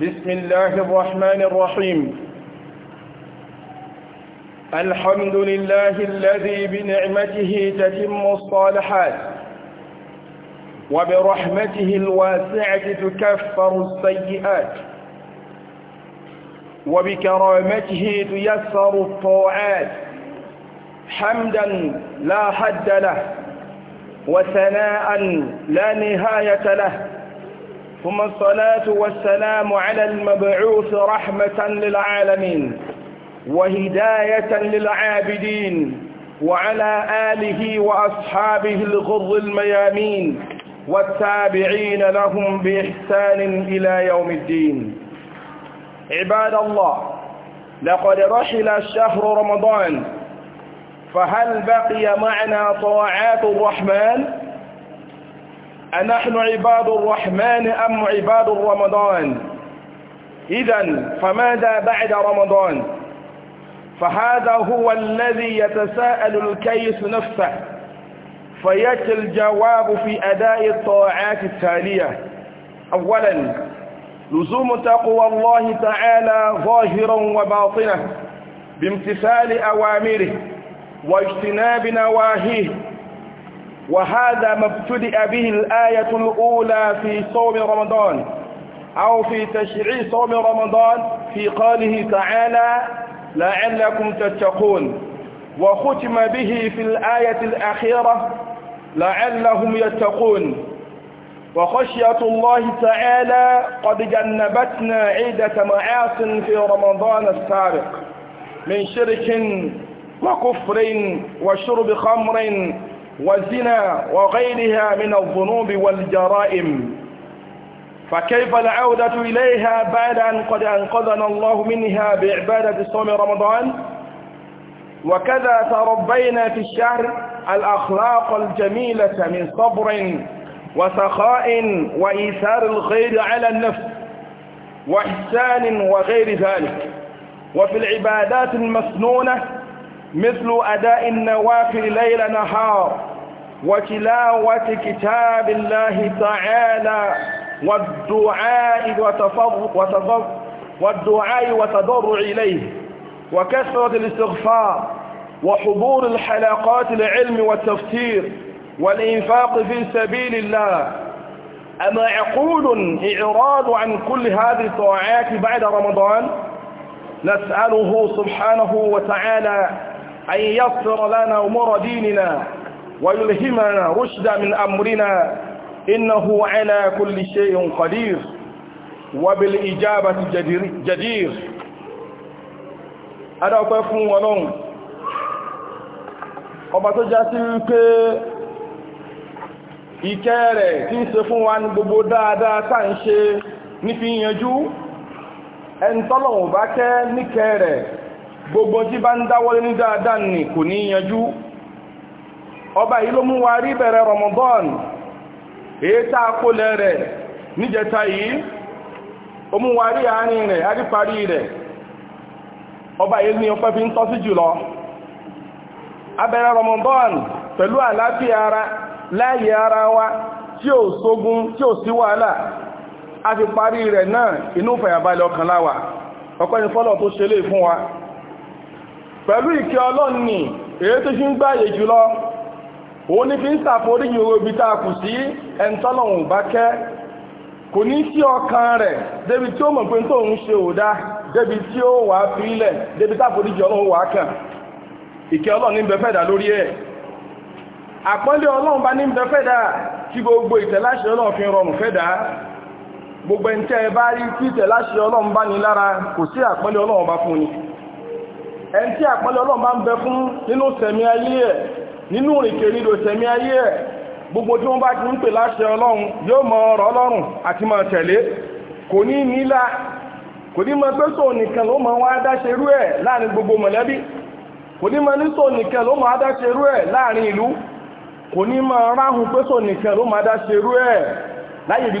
بسم الله الرحمن الرحيم الحمد لله الذي بنعمته تتم الصالحات وبرحمته الواسعة تكفر السيئات وبكرامته تيسر الطاعات حمدا لا حد له وثناء لا نهاية له ثم الصلاة والسلام على المبعوث رحمة للعالمين وهداية للعابدين وعلى آله وأصحابه الغر الميامين والتابعين لهم بإحسان إلى يوم الدين عباد الله لقد رحل الشهر رمضان فهل بقي معنا طاعات الرحمن؟ أنحن عباد الرحمن أم عباد رمضان إذا فماذا بعد رمضان فهذا هو الذي يتساءل الكيس نفسه فيأتي الجواب في أداء الطاعات التالية أولا لزوم تقوى الله تعالى ظاهرا وباطنه بامتثال أوامره واجتناب نواهيه وهذا ما ابتدأ به الآية الأولى في صوم رمضان أو في تشريع صوم رمضان في قوله تعالى لعلكم تتقون وختم به في الآية الأخيرة لعلهم يتقون وخشية الله تعالى قد جنبتنا عدة معاص في رمضان السابق من شرك وكفر وشرب خمر والزنا وغيرها من الذنوب والجرائم فكيف العودة إليها بعد أن قد أنقذنا الله منها بعبادة صوم رمضان وكذا تربينا في الشهر الأخلاق الجميلة من صبر وسخاء وإيثار الخير على النفس وإحسان وغير ذلك وفي العبادات المسنونة مثل أداء النوافل ليل نهار وتلاوة كتاب الله تعالى والدعاء وتضرع والدعاء وتضرع إليه وكثرة الاستغفار وحضور الحلقات العلم والتفسير والإنفاق في سبيل الله أما عقول إعراض عن كل هذه الطاعات بعد رمضان نسأله سبحانه وتعالى أن يسر لنا أمور ديننا ويلهمنا رشد من أمرنا إنه على كل شيء قدير وبالإجابة جدير, جدير adáwọ̀pẹ́ fún ọlọ́run ọba tó já sí wípé ìkẹ́ rẹ̀ tí ń ṣe fún wa ní gbogbo dáadáa tá ń ṣe ní fi ẹni tọ́lọ̀wọ̀n bá kẹ́ níkẹ́ rẹ̀ gbogbo tí bá ń dáwọ́lé ní dáadáa kò ní yanjú ọba yìí ló mú wa rí bẹ̀rẹ̀ Ramadan èyí tá a kó lẹ́rẹ̀ níjẹta yìí ó mú wa rí àárín rẹ̀ àríparí rẹ̀ ọba yìí ní ọpẹ́ fi ń tọ́ sí jùlọ abẹ̀rẹ̀ Ramadan pẹ̀lú àlàáfíà ara láàyè ara wa tí sógun tí sí wàhálà a fi pẹ̀lú ìkẹ́ ọlọ́run ni èyí tó ṣe ń gbáyè jùlọ o ní fi ń ṣàforíjì owó ibi tá kù sí ẹni bá kẹ́ kò ní sí ọkàn rẹ̀ débi tí ó mọ̀ pé tó ń ṣe òdá débi tí ó wà á débi tá ọlọ́run wà kàn ìkẹ́ ní lórí ẹ̀ ọlọ́run bá ní fi rọrùn fẹ́ gbogbo bá rí ọlọ́run bá ẹni tí àpọ́nlé ọlọ́run bá ń bẹ fún nínú sẹ̀mí ayé ẹ̀ nínú ìrìnkèrindò sẹ̀mí ayé gbogbo tí wọ́n bá ti ń pè láṣẹ ọlọ́run yóò mọ ọ̀rọ̀ ọlọ́run àti máa tẹ̀lé kò ní nílá kò ní mọ pé nìkan ló irú ẹ̀ láàrin gbogbo mọ̀lẹ́bí kò ní mọ ní nìkan ló irú ẹ̀ láàrin ìlú kò ní mọ ráhùn pé nìkan ló irú ẹ̀ láyé ibi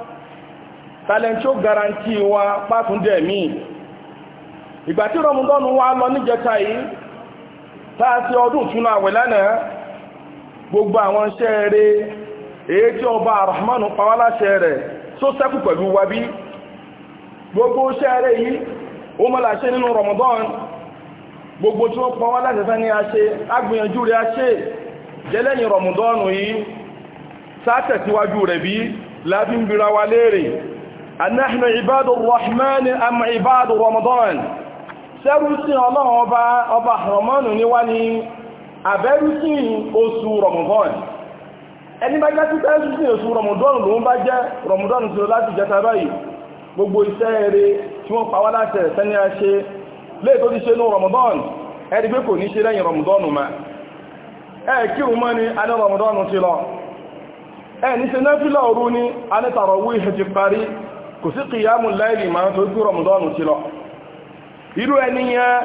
tàlẹ̀ tí ó garanti wa pàtúndẹ̀ míì ìgbà tí rọmọdọ́nù wa lọ níjẹta yìí táà sí ọdún túnú àwẹ̀ lánàá gbogbo àwọn iṣẹ́ rẹ̀ èyí tí ọba arahmanu pawaláṣẹ rẹ̀ tó sẹ́kù pẹ̀lú wa bí gbogbo iṣẹ́ rẹ̀ yìí ó mọ́lá ṣe nínú rọmọdọ́n gbogbo tí ó fẹ́ ní agbìyànjú rẹ̀ jẹ́lẹ́yìn yìí rẹ̀ bí anáhìnà ìbádù rahman am ìbádù ramadan sẹ́rùsìn ọlọ́run ọba ramadan ni wá ní abẹ́rùsìn oṣù ramadan ẹni bá jẹ́ títẹ́ ẹ̀sùsìn oṣù ramadan ló ń bá jẹ́ ramadan tí ó láti jẹta báyìí gbogbo iṣẹ́ eré tí wọ́n pàwọ́ láti ẹ̀sẹ́ni a ṣe lè tó ti ṣe ní ramadan ẹni pé kò ní ṣe lẹ́yìn ramadan ma ẹ kò sí kìyàmù láìlì máa tó gbé rọmọdọ́nù ti lọ irú ẹni yẹn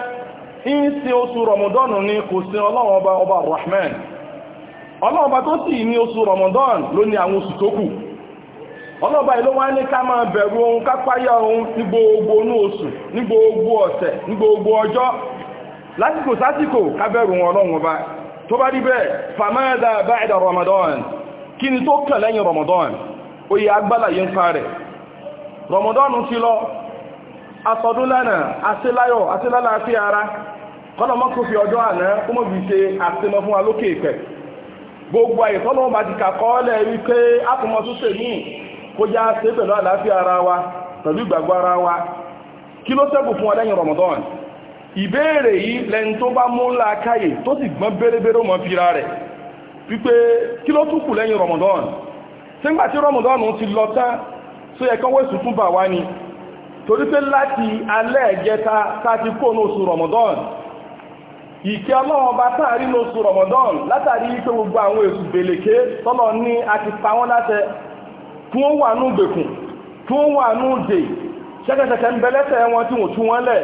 ń sin oṣù rọmọdọ́nù ni kò sin ọlọ́run ọba ọba rahman ọlọ́run ọba tó sì ní oṣù rọmọdọ́n ló ní àwọn oṣù tó kù ọlọ́run ọba ìlú wọn ní ká máa bẹ̀rù ohun kápáyà ohun ní gbogbo inú oṣù ní gbogbo ọ̀sẹ̀ ní gbogbo ọjọ́ lásìkò sásìkò ọlọ́run ọba tó bá rí bẹ́ẹ̀ famada rọmọdọ́n kí ni tó kàn lẹ́yìn rọmọdọ́n rọmọdọ́nù ti lọ asọdún lánàá aṣeláyọ̀ aṣelálàáfíà ara kọ́lọ̀mọ́ kò fi ọjọ́ àná kó mọ̀ fi ṣe àṣemọ fún wa lókè ìpẹ̀ gbogbo àyè tọ́lọ́wọ́ bá ti kàkọ́ọ́lẹ̀ wípé ápùmọ̀ tó ṣe ní kó já ṣe pẹ̀lú àlàáfíà ara wa pẹ̀lú ìgbàgbọ́ ara wa kí ló ṣẹ́kù fún ọdẹ́yìn Ramadan ìbéèrè yìí lẹ́ni tó bá mú ńlá káyè tó sì gbọ́n bérébéré mọ́ fira rẹ̀ wípé kí ló tó yẹ kán wẹ́sù tún bà wá ni torí pé láti alẹ́ ẹ̀jẹta tàbí kó ní oṣù Ramadan ìkẹ́ ọlọ́run bá táàrí ní oṣù Ramadan látàrí pé gbogbo àwọn èsù gbèlèké tọ́lọ ní a ti pa wọ́n láṣẹ tí wọ́n wà ní ìgbèkùn tí wọ́n wà ní ìdè ṣẹ́kẹ́ṣẹkẹ́ ń bẹ́lẹ́sẹ̀ wọn tí wọ́n tú wọ́n lẹ̀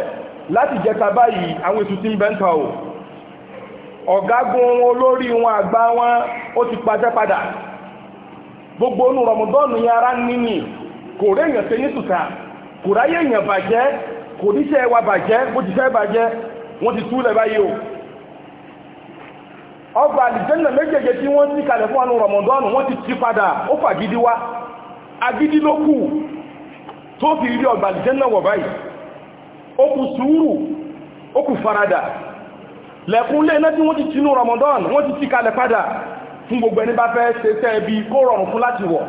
láti jẹta báyìí àwọn èsù ti ń bẹ́ńtà gbogbo onú Ramadan yẹn ara kò rẹ̀yàn ṣe yín tùtà kò ráyè èèyàn bàjẹ́ kò níṣẹ́ wa bàjẹ́ bó ti fẹ́ bàjẹ́ wọ́n ti túlẹ̀ báyìí o ọgbà àlìjẹ́nà méjèèjì tí wọ́n ti kalẹ̀ fún àánú rọmọdọ́nù wọ́n ti ti padà ó fàgídí wá agídí ló kù tó fi rí ọgbà àlìjẹ́nà wọ̀ báyìí ó kù sùúrù ó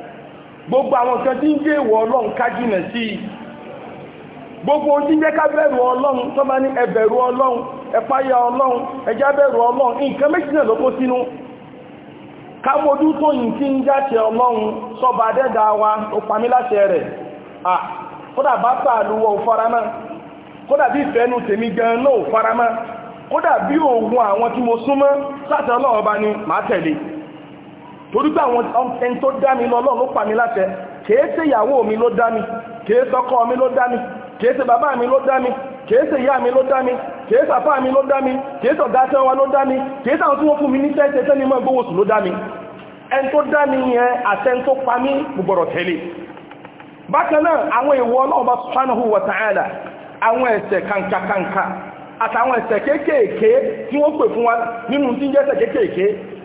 gbogbo àwọn nǹkan tí ń jẹ́ ìwọ̀ ọlọ́run si gbogbo ohun tí ń jẹ́ ká ọlọ́run tó bá ní ẹ ọlọ́run ẹ ọlọ́run ẹ ọlọ́run nǹkan méjì náà ló sínú tó yìn tí ń jáṣẹ ọlọ́run sọba dẹ́dà wa ó gan náà ò faramá kódà bí òògùn àwọn tí mo súnmọ́ sáṣẹ ọlọ́run torí pé àwọn ẹni tó dá mi lọ́lọ́ ló pa mi láṣẹ kìí ìyàwó mi ló dá mi kìí ṣọkọ mi ló dá mi kìí bàbá mi ló dá mi kìí ìyá mi ló dá mi mi ló dá mi kìí ṣe ọ̀gá tẹ́wọ́n ló dá mi kìí àwọn tí wọ́n fún mi ní tẹ́tẹ́ tẹ́ni mọ́ ìgbówòsù ló dá mi ẹni tó dá mi yẹn tó pa mí bákan náà àwọn kankankanka àtàwọn kéékèèké tí wọ́n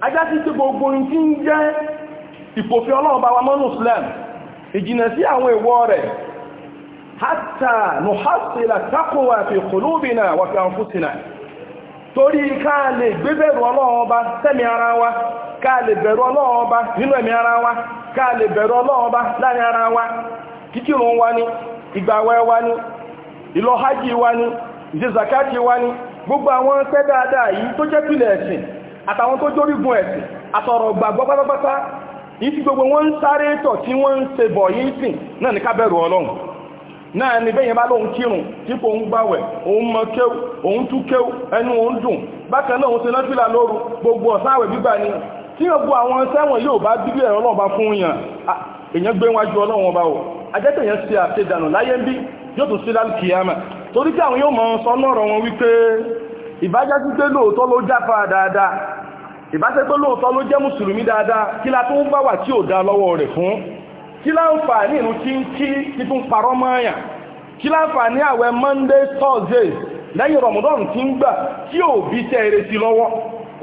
ajásí pé gbogbo ní tí ń jẹ́ ìpòfin ọlọ́run bá wa mọ́nù islam ìjìnà sí àwọn èèwọ̀ rẹ̀ hátà nùhásílà taqwa fi qulubina wà fi torí ká lè ọlọ́run ara wa ká lè bẹ̀rù ọlọ́run ọba ara wa ká wa kikirun wani igba ni wa ni gbogbo àtàwọn tó jórígun ẹ̀sìn àtọ̀rọ̀ gbàgbọ́ pátápátá yìí tí gbogbo wọ́n ń sáré tọ̀ tí wọ́n ń ṣe bọ̀ yìí sìn náà ní kábẹ̀rù ọlọ́run náà ni bẹ́yìn bá lóun kírun dípò ń gbàwẹ̀ òun mọ kéw òun tú kéw ẹnu òun dùn bákan náà òun ṣe náfìlà lóru gbogbo ọ̀sáwẹ̀ gbígbà ni tí gbogbo àwọn sẹ́wọ̀n yóò bá bíbí ẹ̀rọ ọlọ́ọ̀bá fún yàn èèyàn gbé ìbájá sí lóòótọ́ ló jáfa dáadáa ìbáṣe tó lóòótọ́ ló jẹ́ mùsùlùmí dáadáa kí la tó ń bá wà tí ò dá lọ́wọ́ rẹ̀ fún kí láǹfààní ìrun tí ń kí títún parọ́ mọ́ọ̀yàn kí láǹfààní àwẹ̀ monday thursday lẹ́yìn ramadan tí ń gbà tí ò bí tẹ́ eré sí lọ́wọ́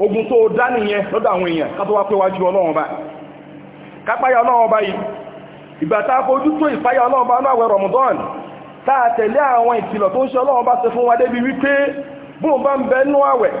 ogun tó dá nìyẹn lọ́dọ̀ àwọn èèyàn ká tó wá pé wájú ọlọ́run bá kápáyà ọlọ́run tó ìpáyà ọlọ́run bá ramadan tá a tẹ̀lé àwọn ìkìlọ̀ tó ń ṣe ọlọ́run bá ṣe fún wa débi wípé bóun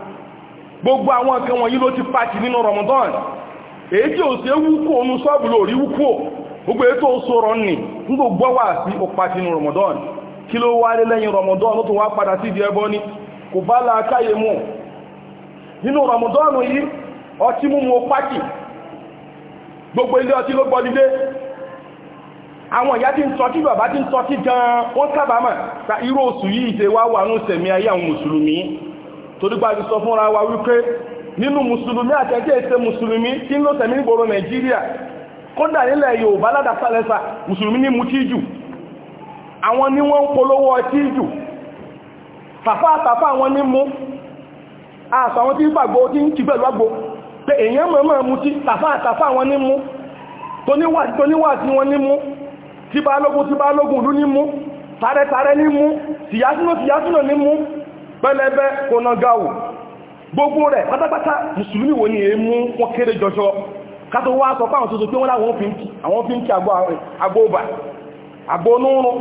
gbogbo àwọn nǹkan wọ̀nyí ló ti pàtì nínú Ramadan èyí tí ò sí ewúkò onú sọ́ọ̀bù lórí wúkò gbogbo èyí tó sọ̀rọ̀ nì ń gbogbo wà sí pàtì nínú Ramadan kí ló lé Ramadan ló tó wá padà sí ni Ramadan yi, gbogbo àwọn ìyá tí ń tọ́tí bàbá tí ń gan-an ta yìí torípa ti sọ fúnra wa wípé nínú mùsùlùmí àtẹ̀jẹ́ ìṣe mùsùlùmí tí ń lọ tẹ̀mí ìgboro nàìjíríà kódà nílẹ̀ yorùbá ládàsálẹ́sà mùsùlùmí ní mutí jù àwọn ni wọ́n ń polówó ọtí jù tàfà tàfà àwọn ní mú àtàwọn tí gbàgbó tí ń kí pẹ̀lú àgbò pé èèyàn mọ̀mọ̀ mú tí tàfà tàfà àwọn ní mú tóníwà tí wọ́n ní mú tí bá lógún tí bá lógún ìlú ní mú tàrẹtàrẹ ní mú tìyásúnà tìyásúnà ní mú pẹlẹbẹ kọnàgáwò gbogbo rẹ̀ pátápátá mùsùlùmí wo ni èé mú wọn kéré jọjọ kátó wá sọ fáwọn tuntun pé wọ́n láwọn fi ń kí àwọn fi ń kí agbóba agbónúrún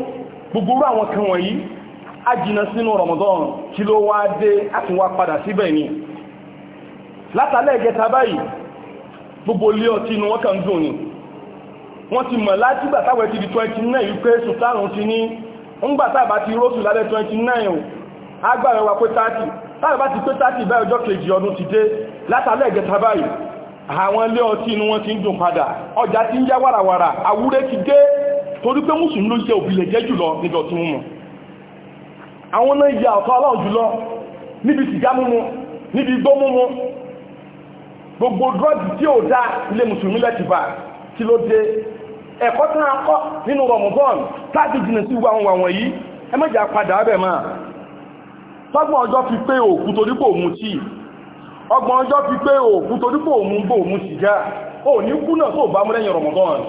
gbogbo àwọn kan wọ̀nyí a sínú Ramadan kí ló wá dé àti wá padà síbẹ̀ ni látàlẹ́ ìjẹta báyìí gbogbo lé ọtí inú wọ́n kàn dùn ni wọ́n ti mọ̀ láti gbàtàwẹ̀ 29 agbára wa pé 30 táwọn bá ti pé 30 báyìí ọjọ́ kejì ọdún ti dé látàlẹ́ ìgẹta báyìí àwọn ilé ọtí inú wọn ti ń dùn padà ọjà ti ń yá wàràwàrà àwúrẹ́ ti dé torí pé mùsùlùmí ló jẹ òbílẹ̀ jẹ́ jùlọ níbi ọtí mímu àwọn náà yà ọ̀tọ̀ ọlọ́run jùlọ níbi sìgá mímu níbi igbó mímu gbogbo drọ́ọ̀dì tí ò dá ilé mùsùlùmí lẹ́tìbà tí ló dé ẹ̀kọ́ tán akọ́ nínú rọ̀mùbọ́n láti sí gbogbo wọ̀nyí ẹ má jà padà abẹ̀ máa tọ́gbọ̀n ọjọ́ fi pé òkú torí kò mu tíì ọgbọ̀n ọjọ́ fi pé òkú torí kò mu bò mu sìgá ò ní kú náà tó bá mú lẹ́yìn Ramadan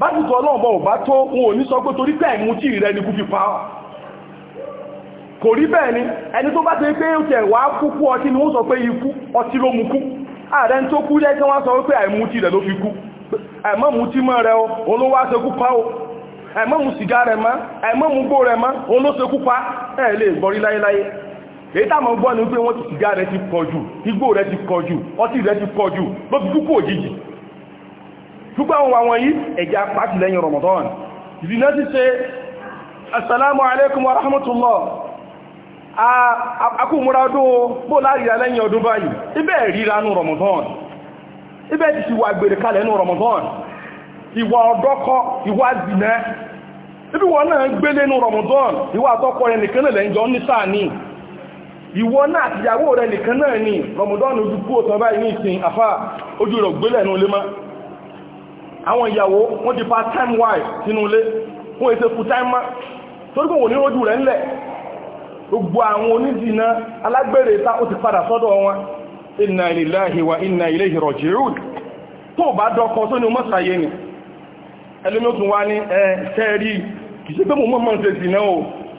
bá ti tọ́ ọlọ́ọ̀bọ̀ ò bá tó wọn ò ní sọ pé torí pé àìmú tíì rẹ ni kú fi pa ọ́ kò rí bẹ́ẹ̀ ni ẹni tó bá ti pé ó tẹ̀ wá kúkú ọtí ni wọ́n sọ pé ikú ọtí ló mu kú ààrẹ tó kú jẹ́ kí wọ́n sọ pé àìmú tíì rẹ ló fi kú àìmọ́mú tí mọ́ rẹ o olówó aṣekú pa o àìmọ́mú sìgá rẹ mọ́ àìmọ́mú gbó rẹ mọ́ olóṣekú pa ẹ̀ lè gbọ́rí láyéláyé èyí táwọn gbọ́ ni pé wọ́n ti sìgá rẹ̀ ti pọ̀ jù igbó rẹ̀ ti pọ̀ jù ọtí rẹ̀ ti pọ̀ jù ló fi kúkú òjijì ṣùgbọ́n àwọn àwọn yìí ẹ̀jẹ̀ apáti lẹ́yìn Ramadan ìdìnà ti ṣe assalamu alaikum wa rahmatullah akúmúradó bó láàrínà lẹ́yìn ọdún báyìí ibẹ̀ ríra Ramadan ibẹ̀ ti ṣe wà gbèrè Ramadan ìwà ọ̀dọ́kọ ìwà zìnà ibi wọn náà gbélé ní Ramadan ìwà àtọ́kọ ẹnìkan lẹ́yìn jọ ní sáà ní ìwọ náà àtìyàwó rẹ̀ nìkan náà ni rọmọdọ́nù ojú kú òtàn báyìí ní ìsìn àfá ojú rẹ̀ gbélẹ̀ ní olé má àwọn ìyàwó wọ́n ti pa time wife sínú ilé fún èsè full time má torípò wò ní ojú rẹ̀ ńlẹ̀ gbogbo àwọn onídìíná alágbèrè ta ó ti padà sọ́dọ̀ wọn inna lillahi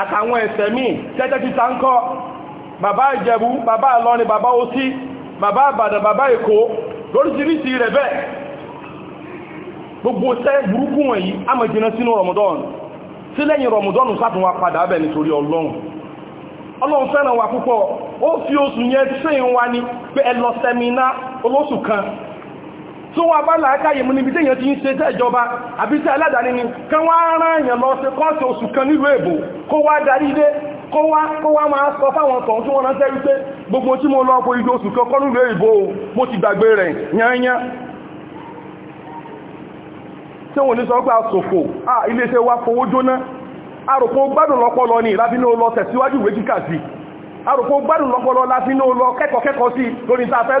àtàwọn ẹ̀sẹ̀ míì tẹ́tẹ́ ti ta ń kọ́ bàbá ìjẹ̀bú bàbá ìlọrin bàbá òsí bàbá àbàdàn bàbá èkó lóríṣiríṣi rẹ̀ bẹ́ẹ̀ gbogbo tẹ́ burúkú wọ̀nyí a máa jìnnà sínú Ramadan sí lẹ́yìn Ramadan sátún wa padà bẹ̀ nítorí Ọlọ́run Ọlọ́run fẹ́ràn wa púpọ̀ ó fi oṣù yẹn sẹ́yìn wa ni pé ẹ lọ sẹ́mínà olóṣù kan tó wà bá làákàyè mú níbi tí èyàn ti ń ṣe tẹ́jọba àbí tí aládàáni ni kán wá rán èyàn lọ sí kọ́ọ̀sì oṣù kan nílùú èbò kó wá darí ilé kó wá kó wá máa sọ fáwọn tọ̀hún tí wọ́n rántẹ́ wípé gbogbo tí mo lọ bo ìjọ oṣù kan kọ́ èbò mo ti gbàgbé wa fowó jóná àròpó gbádùn lọ́pọlọ ní ìlàbínú lọ tẹ̀síwájú ìwé kíkà sí àròpó gbádùn lọ́pọlọ láti ní ó lọ kẹ́kọ̀ọ́ kẹ́kọ̀ọ́ sí lórí tàfẹ́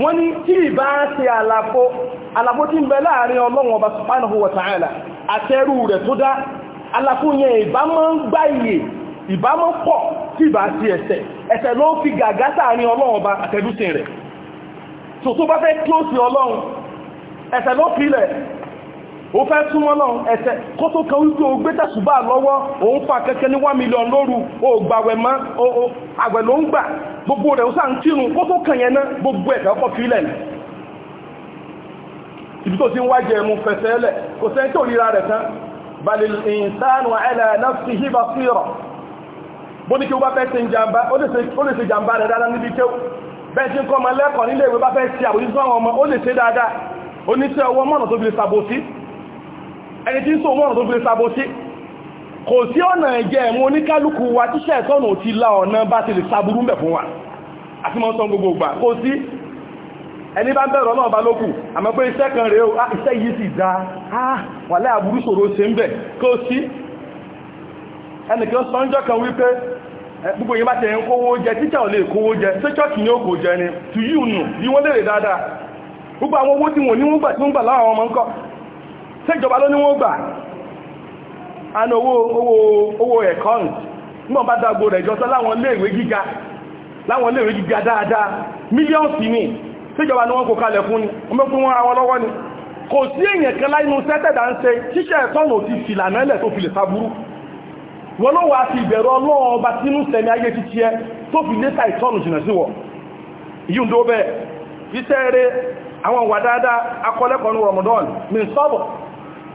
wọ́n ní tí ìbá ṣe àlàfo àlàfo tí ń bẹ láàrin ọlọ́run ọba subhanahu wa ta'ala àtẹrù rẹ̀ tó dá àlàfo yẹn ìbá mọ́ ń gbáyè ìbá mọ́ pọ̀ tí ìbá ṣe ẹ̀ṣẹ̀ ẹ̀ṣẹ̀ ló fi gàgá sáàrin ọlọ́run ọba àtẹrùsìn rẹ̀ tó tó bá fẹ́ close ọlọ́run ẹ̀ṣẹ̀ ló pilẹ̀ ó fẹ́ súnmọ́ náà ẹsẹ̀ kó tó kan wípé o gbé tẹ̀sùbá lọ́wọ́ òun fa kẹ́kẹ́ ní 1 million lóru o gbàwẹ̀ mọ́ àwẹ̀ ló ń gbà gbogbo rẹ̀ ó sà ń tírun kó tó kàn yẹn náà gbogbo ẹ̀fẹ́ ọkọ̀ fílẹ̀ ibi tó ti ń wájẹ ẹmu fẹsẹ̀ ẹlẹ̀ kò sẹ́ tó ríra rẹ̀ tán balil insanu ala nafsihi basira bó ní kí ó bá fẹ́ ṣe jàmbá ó lè ṣe jàmbá rẹ̀ dáadáa níbi kéw bẹ́ẹ̀ tí ń kọ́ ọmọ oníṣẹ́ ọwọ́ mọ́nà tó fi lè sàbòsí ẹni tí ń sọ wọ́n tó fi si. sí kò sí ọ̀nà ẹ̀mú oníkálukú wa tíṣẹ́ ẹ̀tọ́nà ti la ọ̀nà bá ti lè mẹ́ fún wa sọ gbogbo gbà kò sí ẹni bá bẹ̀rọ náà bá lókù iṣẹ́ kan re ah, iṣẹ́ yìí sì dáa ah, wà láì aburú ṣe ń bẹ̀ kò sí ẹnìkan sọ́njọ́ kan wípé gbogbo yìí bá tẹ̀ ń kówó jẹ títà ò lè kówó jẹ ni ó jẹ ni yìí nù bí wọ́n lè dáadáa gbogbo ṣèjọba ló ní wọ́n gbà àna owó owó owó ẹ̀kọ́n bá dágbò rẹ̀ jọ láwọn iléèwé gíga láwọn iléèwé gíga dáadáa mílíọ̀nsì ni ṣèjọba ni wọ́n kò kalẹ̀ fún ni ni kò sí èèyàn kan láìnú sẹ́tẹ̀dà ń ṣe ṣíṣẹ́ ti tó sáburú ló wà ti sínú ayé títí ẹ tó fi létà jìnà sí wọ yíò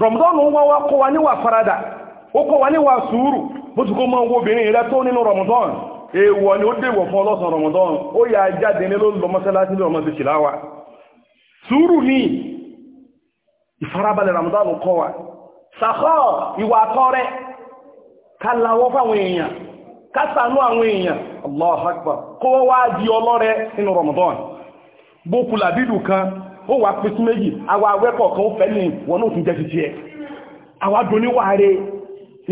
Ramadan wọ́n wá kọ́ wa níwà farada ó kọ́ wa níwà sùúrù bó ti kó mọ́ owó obìnrin rẹ tó nínú Ramadan èèwọ̀ ni ó dèwọ̀ fún ọlọ́sàn Ramadan ó yà jáde ní ló lọ mọ́sálásí ni Ramadan kọ́ wa kan ó wà pín méjì àwa awẹ́kọ̀ kan ó fẹ́ ní wọn náà tún jẹ́ títí ẹ̀ àwa doníwàre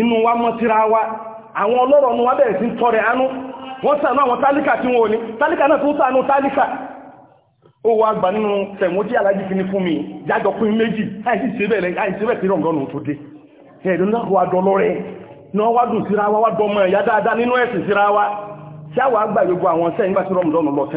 inú wa mọ́ síra wa àwọn ọlọ́rọ̀ nu wa bẹ̀rẹ̀ sí tọrẹ àánú wọ́n ṣàánú àwọn tálíkà tí wọ́n ní tálíkà náà tó ṣàánú tálíkà ó wá gbà nínú tẹ̀wọ́n alájí fi ní fún mi jájọ wa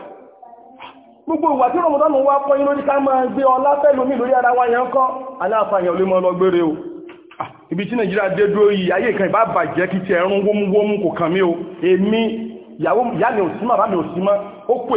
gbogbo ìwà tí rọmọdánù wá kọ́ yí lórí ká máa gbé ọlá fẹ́lómi lórí ara wa yẹn kọ́ aláàfààyàn olè mọ́ lọ o ah, ibi tí nàìjíríà dé dúró yìí ayé ìkan ìbá bàjẹ́ kí ti ẹ̀rún wómúwómú kò kàn mí o èmi ìyàwó mi ò sí mọ́ bàbá mi ò sí mọ́ ó kú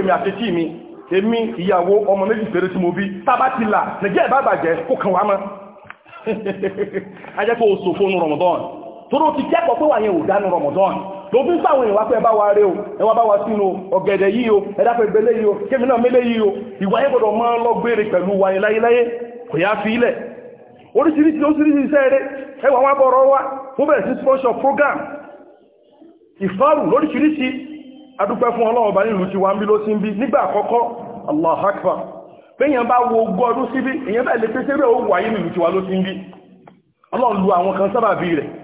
èmi tóró ti kẹ́kọ̀ọ́ pé wà yẹn ò dánú rọmọdán tó fi sáwọn èèyàn wá bá wa rẹ o ẹ wá bá wa sínú ọ̀gẹ̀dẹ̀ yìí o ẹ dáfẹ́ gbẹlẹ́ yìí o kémi náà mélé yìí o ìwà yẹn gbọdọ̀ máa lọ gbére pẹ̀lú wa láyéláyé kò yá fi ilẹ̀ oríṣiríṣi oríṣiríṣi iṣẹ́ eré ẹwà wọn bọ̀ wa sponsor program ìfárù lóríṣiríṣi adúpẹ́ ti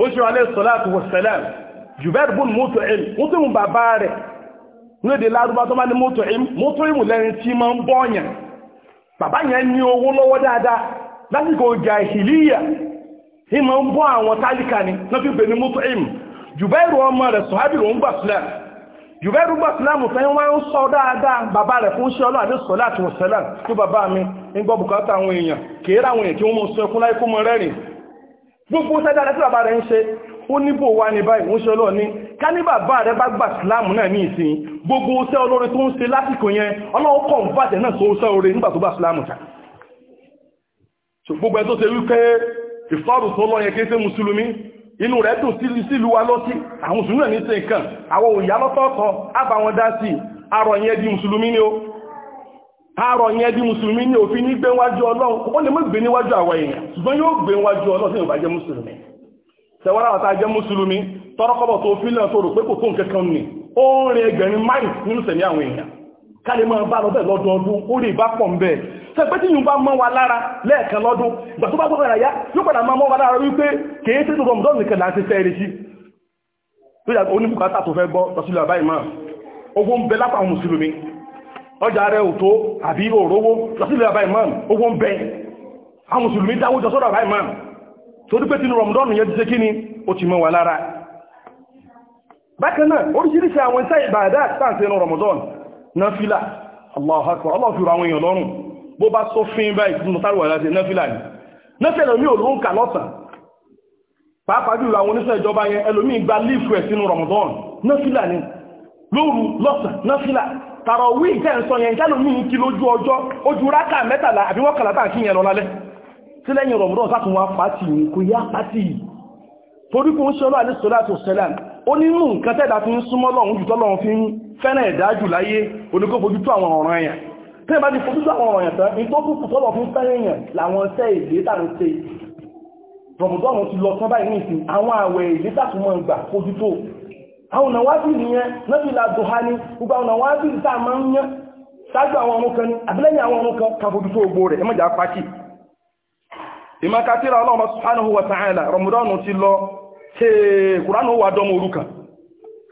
ó ṣe alẹ́ sọ́láàtù wọ̀sẹ̀lẹ̀ jùbẹ́rù bùn mọ́tò ẹ̀m mọ́tò ìmù bàbá rẹ̀ lóde lárúbá tó bá ní mọ́tò ẹ̀m mọ́tò ìmù lẹ́rin tí máa ń bọ́ọ̀yàn bàbá yẹn ní owó lọ́wọ́ dáadáa lásìkò ìjà ìhìlíyà tí máa ń bọ́ àwọn tálíkà ni lọ́fi bẹ̀ ní mọ́tò ẹ̀m jùbẹ́rù ọmọ rẹ̀ sọ̀hábì ló ń gbà sílẹ̀ jùbẹ́rù gbà sílẹ̀ mú fẹ́yìn wọ́n ń sọ dáadáa bàbá rẹ̀ fún ṣẹ́ ọlọ́àdé sọ̀láàtù wọ̀sẹ̀lẹ̀ tó bàbá mi ń gbọ́ bùkátà àwọn èèyàn kèé ra àwọn èèyàn kí wọ́n mọ̀ gbogbo sẹ́dára tí bàbá rẹ̀ ń ṣe ó níbò wá ní báyìí wọ́n ṣe ọlọ́ ní ká ní bàbá rẹ̀ bá gbà sílámù náà ní ìsìn gbogbo iṣẹ́ olóore tó ń ṣe lásìkò yẹn ọlọ́wọ́ kọ̀ ń bàjẹ́ náà tó iṣẹ́ oore nígbà tó bá sílámù ta gbogbo ẹ tó ṣe wípé ìfọ́rù tó lọ yẹn kí ṣe mùsùlùmí inú rẹ̀ dùn sílùú wa lọ́tí àwọn mùsùlùmí náà ní ṣe nǹkan àwọn òyà lọ́tọ̀ọ̀tọ̀ àbàwọn dá sí àrọ̀ yẹn di mùsùlùmí ni ó àárọ̀ yẹn bí mùsùlùmí ní òfin ní gbé wájú ọlọ́run ó lè mọ́ gbé níwájú àwọn èèyàn ṣùgbọ́n yóò gbé wájú ọlọ́run tí yóò bá jẹ́ mùsùlùmí tẹwàrà àtà jẹ́ mùsùlùmí tọ́rọkọ́bọ̀ tó fílẹ̀ tó rò pé kò tó nǹkan kan ní ó ń rin ẹgbẹ̀rin máì nínú sẹ̀mí àwọn èèyàn kálẹ̀ máa bá lọ́bẹ̀ lọ́dọọdún ó lè bá pọ̀ mbẹ̀ tẹpẹ́ tí yìí bá mọ́ ọjà rẹ̀ ò tó àbí òrówó lọ́sílẹ̀ àbá imam owó ń bẹ àwọn mùsùlùmí dáwó jọ àbá imam torí pé tinú rọmọdọ́nù yẹn ti ṣe kíni ó ti mọ́ wà lára bákan náà oríṣiríṣi àwọn iṣẹ́ ìbàdá sáǹsẹ̀ inú rọmọdọ́n náfílà Allahu Allah fi àwọn èèyàn lọ́rùn bó bá sọ fín ni náfílà lómi ò lóun kà lọ́sàn pàápàá jùlọ àwọn oníṣẹ́ ìjọba yẹn ẹlòmíì gba lífù ẹ̀ sínú rọmọdọ́n náfílà ni tàràwí ìjẹ́ ìsọ yẹn ìjẹ́ lómi kí lójú ọjọ́ ojú rákà mẹ́tàlá àbí wọ́kàlá tàà kí yẹn lọ lálẹ́ tí lẹ́yìn rọ̀mùdọ́ sátún wá pàtì kò yá pàtì torí kò ń ṣe ọlọ́ àdé sọ́lá tó sẹ́lá ó ní mú nǹkan tẹ́dà fi ń súnmọ́ lọ́run jù tọ́lọ́run fi ń fẹ́ràn ẹ̀dá jù láyé oníkó fojú tó àwọn ọ̀ràn èèyàn tí ìbá àwọn nàwábì nìyẹn nọ́bìlà dùhá ní gbogbo àwọn nàwábì tá a máa ń yán ṣáájú àwọn ọmọ kan ní àbílẹ́yìn àwọn ọmọ kan kàfojú tó gbó rẹ̀ ẹmọ́jà pàtì ìmọ̀kátìrà ọlọ́run subhanahu wa ta'ala rọmọdọ́nù ti lọ ṣe kùránù wà dọ́mọ orúkan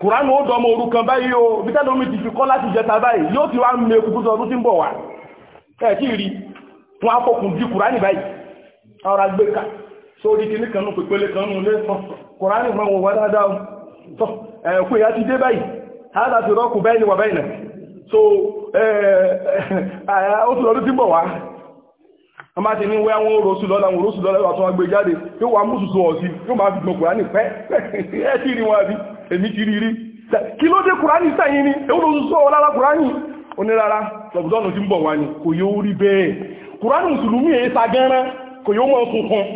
kùránù ó dọ́mọ orúkan báyìí o bítẹ́lú mi ti fi kọ́ láti jẹta báyìí yóò ti wá mẹ kúkú sọ ọ̀rọ̀ agbẹ́ka sórí kìnnìkan nù pẹ̀pẹ́lẹ́ kan nù lẹ́sàn kùránì mọ́ wọn wá dáadáa tọ́ ẹ̀kú eh, ìyá ti dé báyìí hádà ti rọ́kù bẹ́ẹ̀ni wà so oṣù lọ́dún tí bọ̀ wá wọ́n bá ti ní wẹ́ àwọn oróṣù lọ́la àwọn oróṣù jáde ọ̀sí yóò máa fi pẹ́ ẹ ti rí wọn àbí èmi ti rí rí kí ló dé kùránì sẹ́yìn ni èwo ló sọ ọ́ kùránì onírara tí ń bọ̀ wá ni kò yóò rí bẹ́ẹ̀ kùránì mùsùlùmí èyí gẹ́rán kò yóò mọ̀ tuntun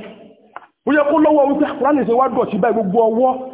ó yẹ kó lọ́wọ́ wípé kùránì ṣe wá báyìí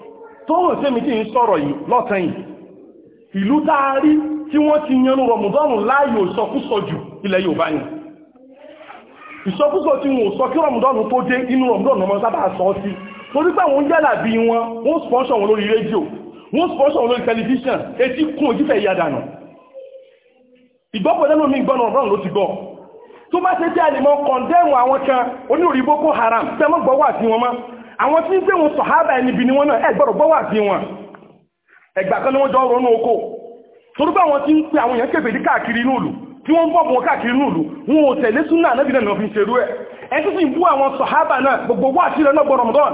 sóòrùn tí èmi ti ń sọ̀rọ̀ yìí lọ́sàn yìí ìlú táàrí tí wọ́n ti yanú rọmùdánù láàyò ìsọkúsọ jù ilẹ̀ Yorùbá yìí ìsọkúsọ tí wọ́n sọ kí rọmùdánù tó dé inú rọmùdánù ọmọ sábà sọ sí torí pé àwọn jẹ́là bí wọn wọ́n sponsor wọn lórí rédíò wọ́n sponsor wọn lórí tẹlifíṣàn etí kún òjífẹ́ ìyàdànà ìgbọ́pọ̀ lẹ́nu mi gbọ́nà ọ̀rọ̀ ló ti gbọ́ tó bá ṣe jẹ́ àlèmọ́ kọ̀ndẹ́rùn àwọn kan oníròrí Boko Haram tẹ́mọ́ gbọ́wà sí wọn mọ́ àwọn tí ń pè wọn sọ̀hábà ẹnibi ni wọ́n náà ẹgbọ́rọ̀ gbọ́wà sí wọn ẹgbà kan ni wọ́n jọ rọ́nú oko torúkọ àwọn tí ń pè àwọn èèyàn kèfèrí káàkiri inú ìlú tí wọ́n ń bọ̀ wọn káàkiri inú ìlú wọn ò tẹ̀lé súnà anábì náà fi ń ṣerú ẹ̀ ẹni sì ń bú àwọn sọ̀hábà náà gbogbo wà sí rẹ̀ náà gbọ́ Ramadan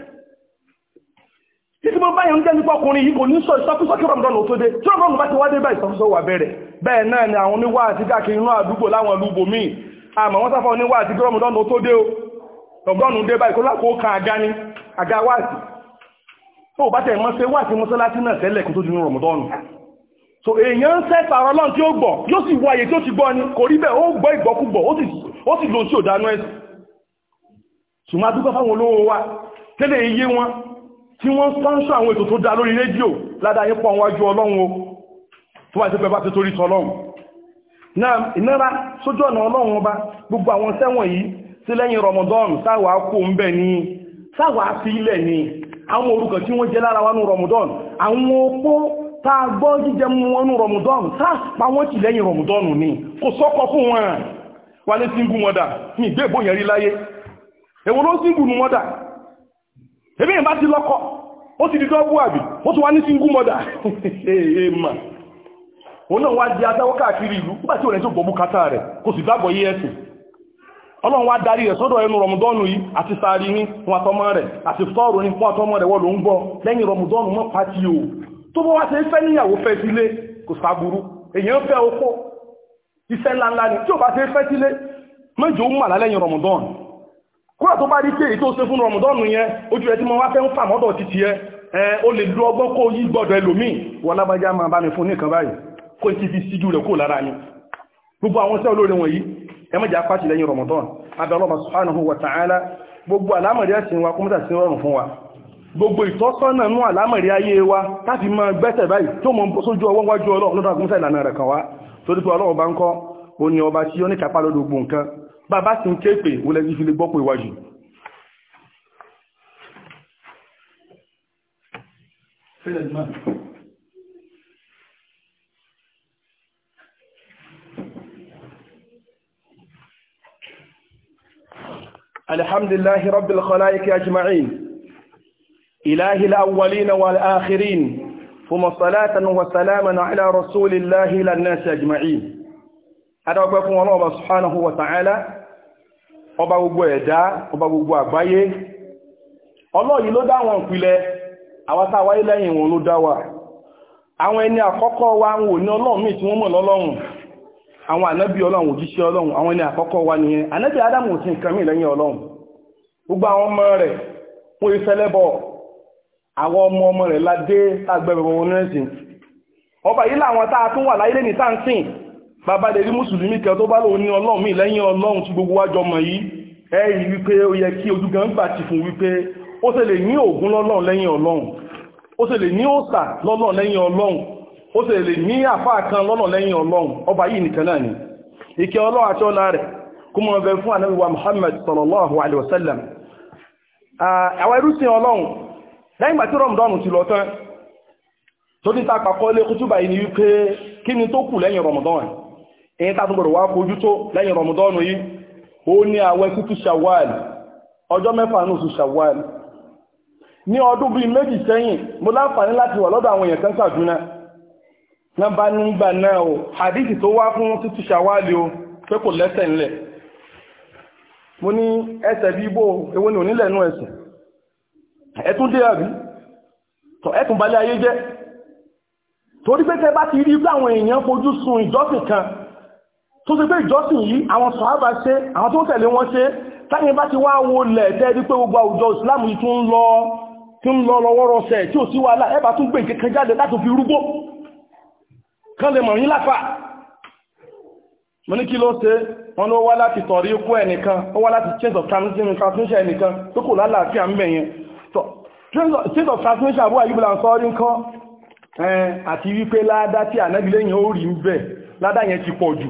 títí mo báyìí ń jẹ́ nípa ọkùnrin yìí kò ní sọ ìsọkúsọ kí rọmọdọ́nù tó dé tí rọmọdọ́nù bá ti wá dé bá ìsọkúsọ wà bẹ̀rẹ̀ bẹ́ẹ̀ náà ni àwọn oníwà àti káàkiri inú àdúgbò láwọn olúbo míì àmọ́ wọ́n sáfà oníwà àti kí rọmọdọ́nù tó dé o rọmọdọ́nù dé báyìí kó lákòó tí wọ́n sponsor àwọn ètò tó dá lórí rédíò ládáyé pọ̀ wájú ọlọ́run o tó wà sí pẹ́ bá ti torí tọ́lọ́run náà ìnára sójú ọ̀nà ọlọ́run ọba gbogbo àwọn sẹ́wọ̀n yìí sí lẹ́yìn Ramadan sáwà kó ń bẹ̀ ní sáwà sí ilẹ̀ ní àwọn òrukàn tí wọ́n jẹ́ lára wánú Ramadan àwọn opó tá a gbọ́ jíjẹ mú ebe ìbá ti lọ́kọ ó ti di dọ́gbù àbí ó tún wá ní single mother ee ma òun náà wá di adáwọ́ káàkiri ìlú nígbà tí òun tó bọ̀ bùkátà rẹ̀ kò sì gbàgbọ́ yé ẹ̀sìn ọlọ́run wá darí rẹ̀ sọ́dọ̀ ẹnu rọmùdọ́nù yìí àti sàárì ní fún àtọmọ rẹ̀ àti fọ́ọ̀rù ní fún àtọmọ rẹ̀ wọ́n o tó bọ́ wá ṣe ń níyàwó fẹ́ sílé kò sáburú èyàn fẹ́ okó iṣẹ́ ńláńlá ni tí bá kúrò tó bá rí pé èyí tó ṣe fún ọmọdọ́nù yẹn ojú ẹ tí mo wá fẹ́ ń fà mọ́dọ̀ títí ẹ ó lè lo ọgbọ́n kó yí gbọ́dọ̀ ẹlòmíì wọ́n lábájá máa bá mi fún nìkan báyìí kó ti fi síjú rẹ̀ kó lára mi gbogbo àwọn sẹ́ olóore wọ̀nyí ẹ má jẹ́ apáṣẹ lẹ́yìn Ramadan abẹ́ ọlọ́mà subhanahu wa ta'ala gbogbo àlámọ̀rí ẹ̀sìn wa kó mọ́tà sí rọrùn fún wa gbogbo ìtọ́sọ́nà nú àlámọ̀rí ayé wa láti máa gbẹ́sẹ̀ báyìí tó mọ́ sójú ọwọ́ wájú ọlọ́run lọ́dọ̀ àgúnṣẹ́ ìlànà rẹ̀ kan wá torí pé ọlọ́run bá ń kọ́ ó ní ọba tí ó ní kápá lódò gbò nǹkan bàbá sì ń ké pè wọlé ní ìfilé pé wájú الحمد لله رب الخلائق أجمعين إله الأولين والآخرين ثم صلاة وسلاما على رسول الله إلى الناس أجمعين هذا بكم الله سبحانه وتعالى ọba gbogbo ẹ̀dá ọba gbogbo àgbáyé ọlọ́yí ló dáwọn wọn ìpìlẹ̀ àwátá wáyé lẹ́yìn wọn ló dá àwọn ẹni àkọ́kọ́ wa ń wò ní ọlọ́run míì tí wọ́n mọ̀ lọ́lọ́run àwọn ànẹ́bí ọlọ́run òjíṣẹ́ ọlọ́run àwọn ẹni àkọ́kọ́ wa nìyẹn ọmọ rẹ̀ àwọn ọmọ ọmọ rẹ̀ ládé wọn nẹ́sìn ọba yìí tá a bàbá lè rí mùsùlùmí kan tó bá lòun ní ọlọ́run mi lẹ́yìn ọlọ́run tí gbogbo wájọ mọ̀ yìí ẹ̀rí wípé ó yẹ kí ojú gan gbà ti fún wípé ó sì lè ní ògún lọ́lọ́run lẹ́yìn ọlọ́run ó sì lè ní òòṣà lọ́lọ́run lẹ́yìn ọlọ́run ó sì lè ní àfáà kan lẹ́yìn ọlọ́run ọba yìí nìkan náà ni ìkẹ́ ọlọ́run àti ọlá rẹ̀ ìyẹn tá gbọ́dọ̀ wá fojú tó lẹ́yìn rọmọdọ́nù yìí ó ní àwẹ̀ kúkú shawwal ọjọ́ mẹ́fà ní oṣù shawwal ní ọdún bíi méjì sẹ́yìn mo láǹfààní láti wà lọ́dọ̀ àwọn èèyàn kan o hadithi tó wá fún títí o pé kò lẹ́sẹ̀ ńlẹ̀ mo ní ẹsẹ̀ bí ibò ewé ní onílẹ̀ dé àbí ayé jẹ́ torí tó ṣe pé ìjọsìn yìí àwọn sọ̀hábà ṣe àwọn tó ń tẹ̀lé wọn ṣe táyẹ bá ti wá wo lẹ̀ tẹ́ẹ̀rí pé gbogbo àwùjọ ìsìláàmù yìí tún lọ tí ń lọ lọ́wọ́ rọ̀ṣẹ̀ tí ò sí wàhálà ẹbà tún gbé nǹkan jáde láti fi rúgbó kan lè mọ̀ yín láfà mo ní kí ló ṣe wọn ló wá láti tọ̀rí kó ẹnìkan ó wá láti change of transmission transmission ẹnìkan tó kò lálàáfíà ń bẹ̀yẹn change of transmission àbúrò àyíbìlà ń sọ́rí ń kọ́ àti wípé ládá tí ànábìlẹ́yìn ó rí ń bẹ̀ ládá yẹn ti pọ̀ jù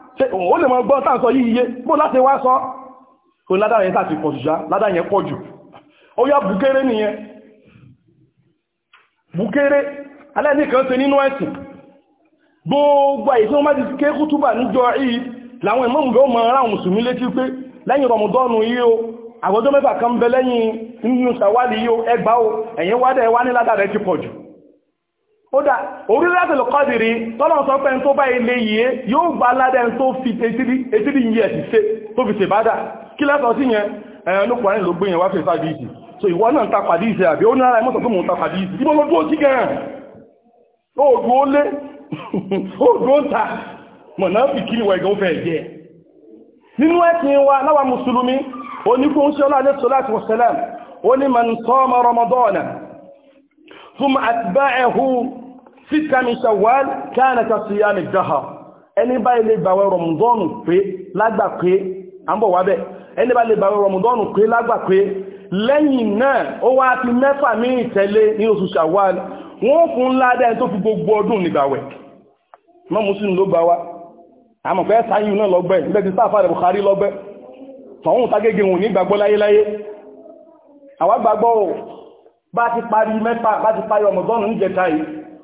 o le ó lè mọ ye tàǹsọ yìí iye bó láti wá sọ kò ládà yẹn tàbí pọ̀ ṣùṣá ládà yẹn pọ̀ jù ó yá bukéré nìyẹn bukéré alẹ́nìkan se nínú ẹ̀sìn gbogbo àyè wọ́n bá ti ké kútúbà níjọ làwọn ara àwọn mùsùlùmí o mẹ́fà kan bẹ lẹ́yìn nínú sàwálì o o ẹ̀yìn wá ní ládà rẹ̀ ti pọ̀ jù kódà orílẹ̀-èdè kọ́dìrí tọ́lọ̀ sọ pé tó bá ilé yìí yóò gba aládẹ́ tó fi etíri yìí ẹ̀sì ṣe tó fi ṣèbádà kí lẹ́sọ̀ sí yẹn ẹ̀rọ ló pọ̀rin ló gbìyànwá fi sáàdìsì so ìwọ náà tapàdì ìṣẹ́ àbí ó nára ẹmọ́sàn tó mọ̀ tapàdìsì ibo lójú ó jígẹ̀rẹ̀ òògùn ó lé òògùn ó ta mọ̀nà fi kí ìwọ̀ ìgbọ́n fẹ́ jẹ ní man sọ́mọ síta mi ṣàwàl káàna ka sí yáni dáhà ẹni bá ilé gbàwẹ̀ rọmùdọ́nù pé lágbà pé a ń bọ̀ wábẹ̀ ẹni bá ilé gbàwẹ̀ rọmùdọ́nù pé lágbà pé lẹ́yìn náà ó wá ti mẹ́fà mí ìtẹ̀lé ní oṣù ṣàwàl wọ́n fún ládá ẹni tó fi gbogbo ọdún nígbàwẹ̀ mọ́ muslim ló gbà wá àmọ̀ pé sáyìn náà lọ́gbẹ́ níbẹ̀ ti sáfà rẹ̀ ní gbàgbọ́ yìí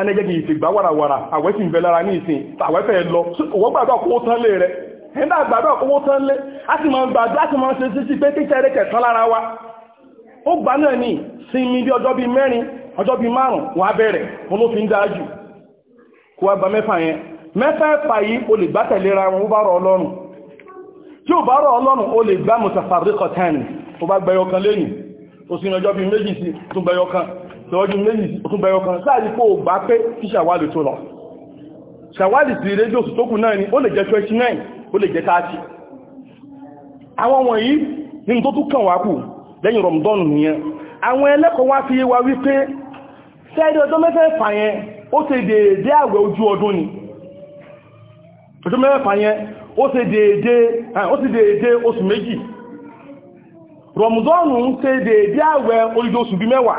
anẹ́jẹ́gì ìsìgbà wàràwàrà àwẹ́ sì ń bẹ lára ní ìsìn àwẹ́fẹ́ lọ òwò gbàdọ̀ kówó tán lé rẹ̀ ẹ̀dá gbàdọ̀ kówó tán lé a sì máa gbàdọ̀ a sì máa ṣe sísí pé kíkẹ́ rẹ̀ lára wa ó gbà náà ní sinmi bí ọjọ́ bíi mẹ́rin ọjọ́ bíi márùn-ún wà bẹ̀rẹ̀ wọn ló fi ń dáa jù kó wá gba mẹ́fà yẹn mẹ́fà lọ́dún méjì òtún bẹ̀rẹ̀ ọkàn sáàrí kó o bá pé kí ṣàwálì tó lọ ṣàwálì sí rédíò sùtókù náà ni ó lè jẹ́ 29 ó lè jẹ́ 30 àwọn wọ̀nyí nínú tó tún kàn wá kù lẹ́yìn rọmdọ́nù nìyẹn àwọn ẹlẹ́kọ̀ọ́ wá fi wá wípé sẹ́ẹ̀dẹ̀ ọjọ́ mẹ́fẹ̀ẹ́fà yẹn ó ṣe déédé àwẹ̀ ojú ọdún ni ọjọ́ mẹ́fẹ̀ẹ́fà yẹn ó ṣe déédé oṣù méjì rọmdọ́nù ń ṣe déédé àwẹ̀ ojú oṣù bí mẹ́wàá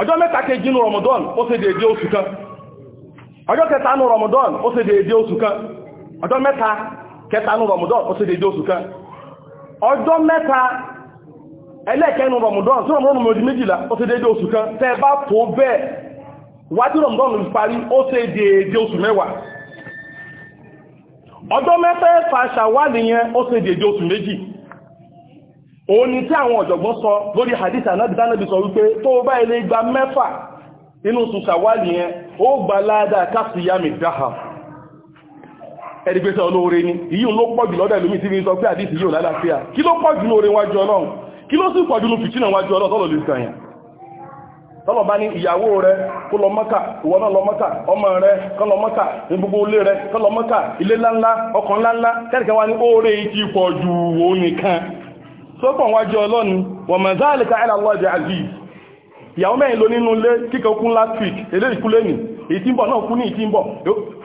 ọjọ́ mẹ́ta kejì ní Ramadan ó ṣe oṣù kan ọjọ́ kẹta ní ó kan ọjọ́ mẹ́ta kẹta ní Ramadan ó ṣe oṣù kan ọjọ́ mẹ́ta ẹlẹ́ẹ̀kẹ́nu Ramadan tí Ramadan mọ̀ méjìlá ó ṣe déédé oṣù kan tẹ́ bá tó bẹ́ẹ̀ wájú ó oṣù òun ni tí àwọn ọ̀jọ̀gbọ́n sọ lórí hadith anábìtánàbì sọ wípé tó bá ilé igba mẹ́fà inú sùsàwálì yẹn ó gba ládàá káfíyàmì dáhà ẹ̀dìgbésẹ̀ olóore ni èyí ló pọ̀jù lọ́dọ̀ mi tí mi sọ pé hadith yóò lálàáfíà kí ló pọ̀jù lóore wájú ọlọ́run kí ló sọ́pọ̀ wájú ọlọ́ni wọ̀n mẹ́zálìká aláwọ̀dẹ̀ aziz ìyàwó mẹ́rin ló nínú ilé kíkẹ́ okun last week ilé ìkúlé ní ìtìmbọ̀ náà kú ní ìtìmbọ̀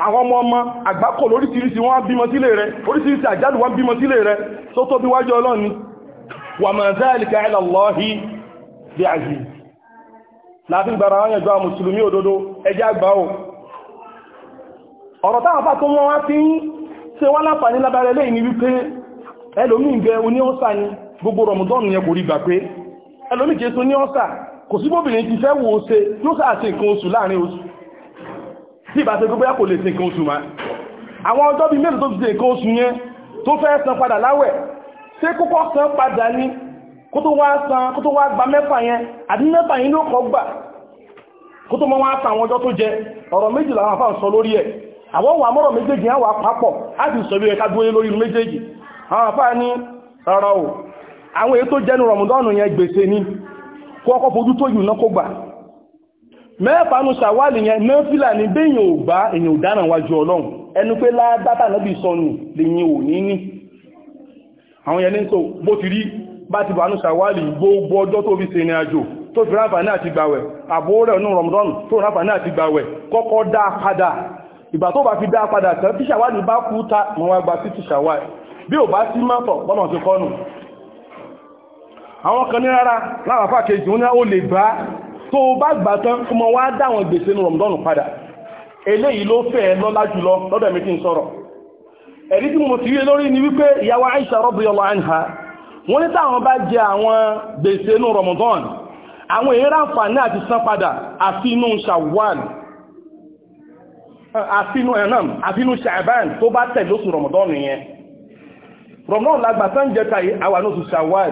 àwọn ọmọ ọmọ àgbákò lóríṣiríṣi wọ́n bímọ sílé rẹ̀ oríṣiríṣi àjálù wọ́n bímọ sílé rẹ̀ tó tó bí wájú ọlọ́ni wà mẹ́zálìká aláwọ̀hí bí aziz láàfin gbara wọn yẹjọ́ mùsùlùmí òdodo ẹjẹ́ àgbà o ọ̀rọ̀ táwọn fàtó wọn wá fi ń láǹfààní lábára eléyìí wípé ẹlòmíì ń ni gbogbo rọmọdọ́nù yẹn kò rí gbà pé ẹlòmíkè tó ní ọ́sà kò sí bóbìnrin ti fẹ́ wo ṣe ló sáà ṣe nǹkan oṣù láàrin oṣù tí ìbá ṣe gbogbo kò lè ṣe nǹkan oṣù ma àwọn ọjọ́ bíi mélòó tó ti ṣe nǹkan oṣù yẹn tó fẹ́ san padà láwẹ̀ ṣé kókó san padà ní kó tó wá san kó tó wá gba mẹ́fà yẹn àti mẹ́fà yẹn ló kọ́ gbà kó mọ́ wá san àwọn ọjọ́ tó jẹ ọ̀rọ̀ àwọn èyí tó jẹ́nu rọmùdọ́nù yẹn gbèsè ní kọ́kọ́ fojú tó yìí náà kó gbà mẹ́fà ní sàwálì yẹn náfílà ní bí èyàn ò bá èyàn ò dáràn wájú ọlọ́run ẹnu pé ládátà náà bí sọnù lèyìn ò ní ní àwọn yẹn ní tó bó ti rí bá ti bàánú sàwálì gbogbo ọjọ́ tó fi ṣèrìn àjò tó fi ráǹfààní àti gbàwẹ̀ àbúrò rẹ̀ ní rọmùdọ́nù tó ráǹfààní àti gbàwẹ̀ bí ò bá sí mọ́tọ̀ bọ́nà ti kọ́nù àwọn kan ní rárá láwọn afá kejì wọn ní ó lè bá tó bá gbà tán kó mọ wá dáwọn gbèsè ní rọmọdọ́nù padà eléyìí ló fẹ́ lọ́lá jùlọ lọ́dọ̀ mi ti ń sọ̀rọ̀ ẹ̀rí tí mo ti rí lórí ni wípé ìyàwó Aisha radiyallahu anha wọ́n ní táwọn bá jẹ àwọn gbèsè ní rọmọdọ́nù àwọn èèrà àǹfààní àti san padà àfinú Shawwal àfinú ẹ̀nàm eh, àfinú Sha'ban tó bá tẹ̀lé oṣù rọmọdọ́nù yẹn rọmọdọ́nù lágbàtán jẹta àwọn oṣù Shawwal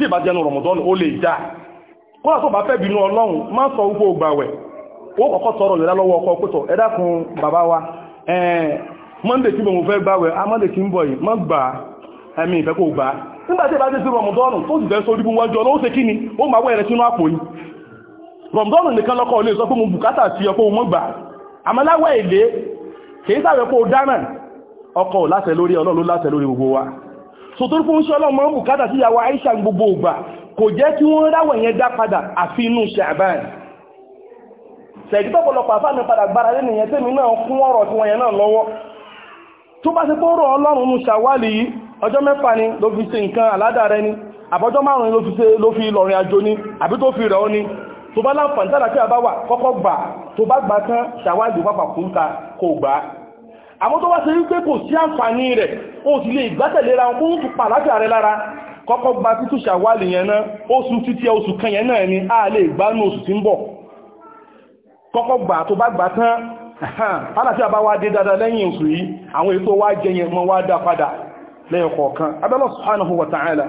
tí ìbá jẹ́nu rọ̀mọ̀dọ́nù ó lè já kọ́lá tó bá fẹ́ bínú ọlọ́run má sọ gbogbo ògbàwẹ̀ ó kọ́kọ́ tọrọ lẹ́lá lọ́wọ́ ọkọ̀ pẹ́tọ̀ ẹ bàbá wa monday tí mo fẹ́ gbàwẹ̀ a monday tí ń bọ̀ yìí má gbà ẹ̀mí ìfẹ́ kò gbà nígbà tí ìbá jẹ́ sí rọ̀mọ̀dọ́nù tó sì fẹ́ sórí bí wọ́n jọ ni ó máa wẹ̀rẹ̀ sínú àpò yìí rọ̀mọ̀dọ́nù nìkan lọ́kọ̀ lè sọ pé mo bùkátà sí ọkọ̀ mo gbà àmọ́láwẹ̀ so tó fún ṣe ọlọ́mọ bùkátà sí ìyàwó Aisha gbogbo ògbà kò jẹ́ kí wọ́n ráwọ̀ yẹn dá padà àfi inú Sha'ban àfáàmì padà gbára lẹ́nu yẹn tẹ́mi náà kún ọ̀rọ̀ tí wọ́n yẹn náà lọ́wọ́ tó bá ṣe pé ọ̀rọ̀ Ọlọ́run nu Ṣàwálì yìí ọjọ́ mẹ́fà ni ló fi ṣe nǹkan àládà rẹ ni àbọ́jọ́ márùn-ún ló fi ṣe ló fi lọ̀rìn àjò ni àbí tó fi rẹ̀ ọ́ ni tó bá láǹfààní tàbí àbáwà kọ́kọ́ gbà tó bá gbà tán Ṣàwálì pápá kúńta kò gbà àwọn tó wá ṣe wípé kò sí àǹfààní rẹ̀ o sì lè ìgbátẹ̀lera wọn kún tún pàlátà rẹ lára kọ́kọ́ gba títù ṣàwálì yẹn náà oṣù títí oṣù kan náà ni a lè gbá ní oṣù tí ń bọ̀ kọ́kọ́ gbà tó bá gbà tán aláfíà bá wá dé dáadáa lẹ́yìn oṣù yìí àwọn ètò wá jẹyẹ mọ́ wá dá padà lẹ́yìn kọ̀ọ̀kan abẹ́lọ́ subhanahu wa ta'ala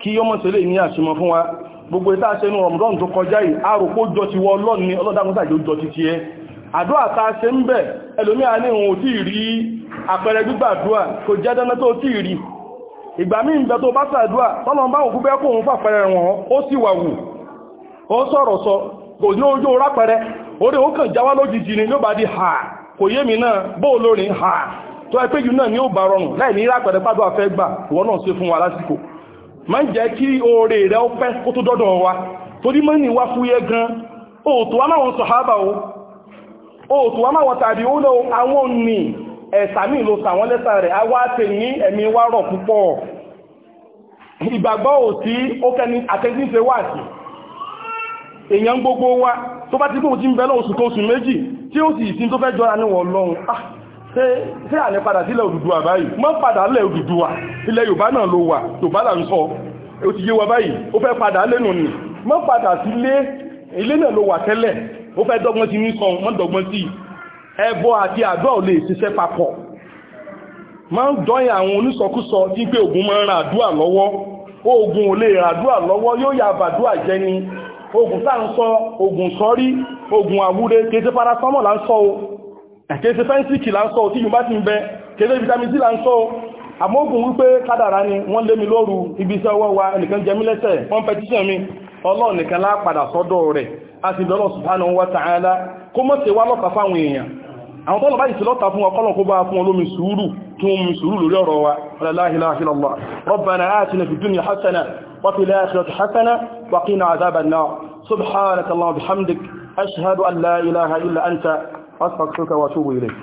kí yọmọ tẹ́lẹ̀ ní àṣìmọ̀ fún wa gbogbo àdúrà ta ṣe ń bẹ̀ ẹlòmíà ní òun ò tí ì rí àpẹẹrẹ gbígbàdúrà kò jẹ́ dandan tó tí ì rí ìgbà míì tó bá ṣàdúrà tọ́lọ̀ òkú bẹ́ kó fàpẹẹrẹ wọn ó sì wà wù ó sọ kò ní ojú rápẹẹrẹ orí ó kàn jáwá ni ha kò yé mi ha tó ẹ péjú náà ni rọrùn àfẹ́ gbà náà ṣe fún wa lásìkò má ń jẹ́ kí oore rẹ ó pẹ́ kó tó wa torí mọ́ ní wa náà wọn òtù wọ́n máa wọ́n tàbí ó lọ àwọn ní ẹ̀sàmì ló sàwọn lẹ́sà rẹ̀ a wá tè ní ẹ̀mí wá rọ̀ púpọ̀ ìgbàgbọ́ ò sí ó kẹni àtẹ́síṣẹ́ wà sí èèyàn gbogbo wa tó bá ti kún ti ń bẹ́ lọ́wọ́ sùkọ́ oṣù méjì tí ó sì ìsin tó fẹ́ jọra níwọ̀n lọ́run ah, ṣé à ní padà sílẹ̀ Odùduwà báyìí mọ́ padà lẹ̀ Odùduwà ó fẹ́ dọ́gbọ́n ti mí kan mọ́ dọ́gbọ́n sí ẹbọ àti àdúrà ò lè ṣiṣẹ́ papọ̀ máa ń dọ́yìn àwọn onísọkúsọ tí pé oògùn máa ń ra àdúrà lọ́wọ́ oògùn ò lè ra àdúrà lọ́wọ́ yóò yà àbàdúrà jẹ ni oògùn tá ń sọ oògùn sọrí oògùn àwúre kéde paracetamol là ń sọ o kéde fẹ́ńsìkì là ń sọ o tí yóò bá ti ń bẹ kéde vitamin c là ń sọ o àmógùn wípé kádàrá ni wọ́n lé mi lóru ibi iṣẹ́ ọwọ́ wa ẹnìkan jẹ lẹ́sẹ̀ wọ́n pẹtíṣẹ̀ mi ọlọ́ọ̀nìkan lá sọ́dọ̀ rẹ̀ àti ìbẹ̀lọ́ subhanahu wa ta'ala kó mọ́ sí wá lọ́ta fáwọn èèyàn àwọn tọ́lọ̀ báyìí sí lọ́ta fún ọkọ́lọ̀ kó bá fún olómi sùúrù kí wọ́n mú sùúrù lórí ọ̀rọ̀ wa la ilaha illallah rabbana atina fid dunya hasana wa fil akhirati hasana wa qina adhaban nar subhanaka allahumma bihamdik ashhadu an la ilaha illa anta astaghfiruka wa atubu ilayk